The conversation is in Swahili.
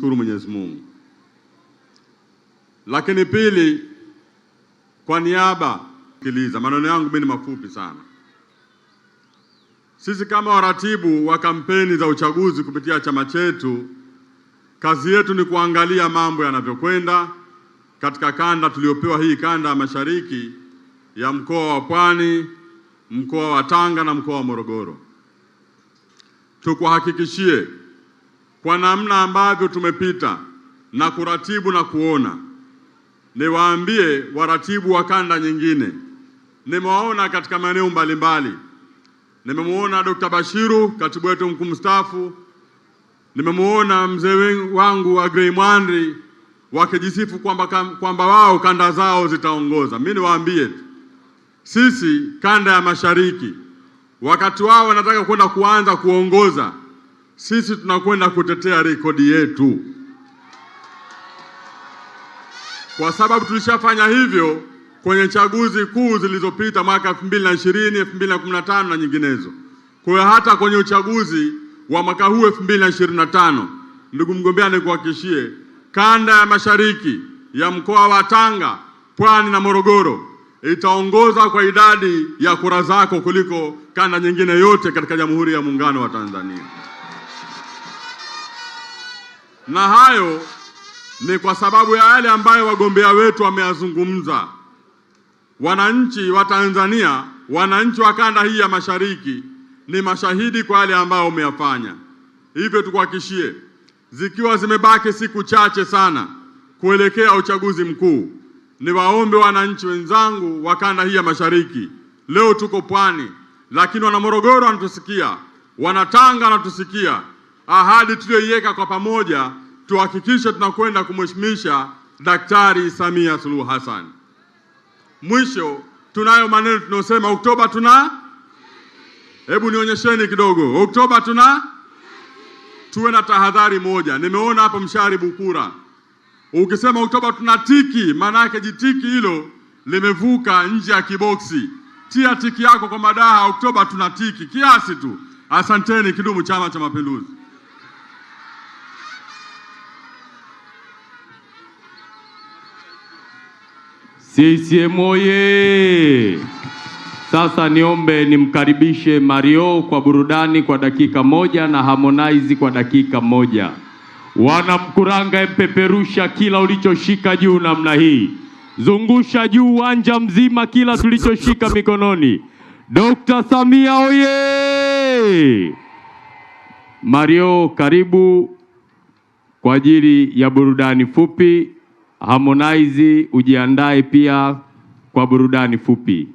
kumshukuru Mwenyezi Mungu. Lakini pili, kwa niaba kiliza maneno yangu mimi ni mafupi sana. Sisi kama waratibu wa kampeni za uchaguzi kupitia chama chetu, kazi yetu ni kuangalia mambo yanavyokwenda katika kanda tuliyopewa, hii kanda ya mashariki ya mkoa wa Pwani, mkoa wa Tanga na mkoa wa Morogoro. Tukuhakikishie kwa namna ambavyo tumepita na kuratibu na kuona. Niwaambie waratibu wa kanda nyingine, nimewaona katika maeneo mbalimbali. Nimemwona Dr. Bashiru, katibu wetu mkuu mstaafu, nimemwona mzee wangu wa Grey Mwandri wakijisifu kwamba kwamba wao kanda zao zitaongoza. Mimi niwaambie tu, sisi kanda ya mashariki wakati wao wanataka kwenda kuanza kuongoza sisi tunakwenda kutetea rekodi yetu, kwa sababu tulishafanya hivyo kwenye chaguzi kuu zilizopita mwaka 2020, na na na nyinginezo. Kwa hiyo hata kwenye uchaguzi wa mwaka huu 2025, ndugu mgombea, nikuhakikishie kanda ya mashariki ya mkoa wa Tanga, Pwani na Morogoro itaongoza kwa idadi ya kura zako kuliko kanda nyingine yote katika Jamhuri ya Muungano wa Tanzania na hayo ni kwa sababu ya yale ambayo wagombea wetu wameyazungumza. Wananchi wa Tanzania, wananchi wa kanda hii ya mashariki ni mashahidi kwa yale ambayo umeyafanya. Hivyo tukuhakishie, zikiwa zimebaki siku chache sana kuelekea uchaguzi mkuu, niwaombe wananchi wenzangu wa kanda hii ya mashariki. Leo tuko Pwani, lakini wana Morogoro wanatusikia, wana Tanga wanatusikia ahadi tuliyoiweka kwa pamoja tuhakikishe tunakwenda kumheshimisha Daktari Samia Suluhu Hassan. Mwisho, tunayo maneno tunayosema Oktoba tuna, hebu nionyesheni kidogo. Oktoba tuna, tuwe na tahadhari moja. Nimeona hapo mshari Bukura ukisema Oktoba tuna tiki, maana yake jitiki hilo limevuka nje ya kiboksi. Tia tiki yako kwa madaha, Oktoba tuna tiki kiasi tu. Asanteni. Kidumu Chama cha Mapinduzi! CCM oye! Sasa niombe nimkaribishe Mario kwa burudani kwa dakika moja na Harmonize kwa dakika moja. Wana Mkuranga, empeperusha kila ulichoshika juu namna hii, zungusha juu uwanja mzima kila tulichoshika mikononi. Dr. Samia oye! Mario, karibu kwa ajili ya burudani fupi. Harmonize ujiandae pia kwa burudani fupi.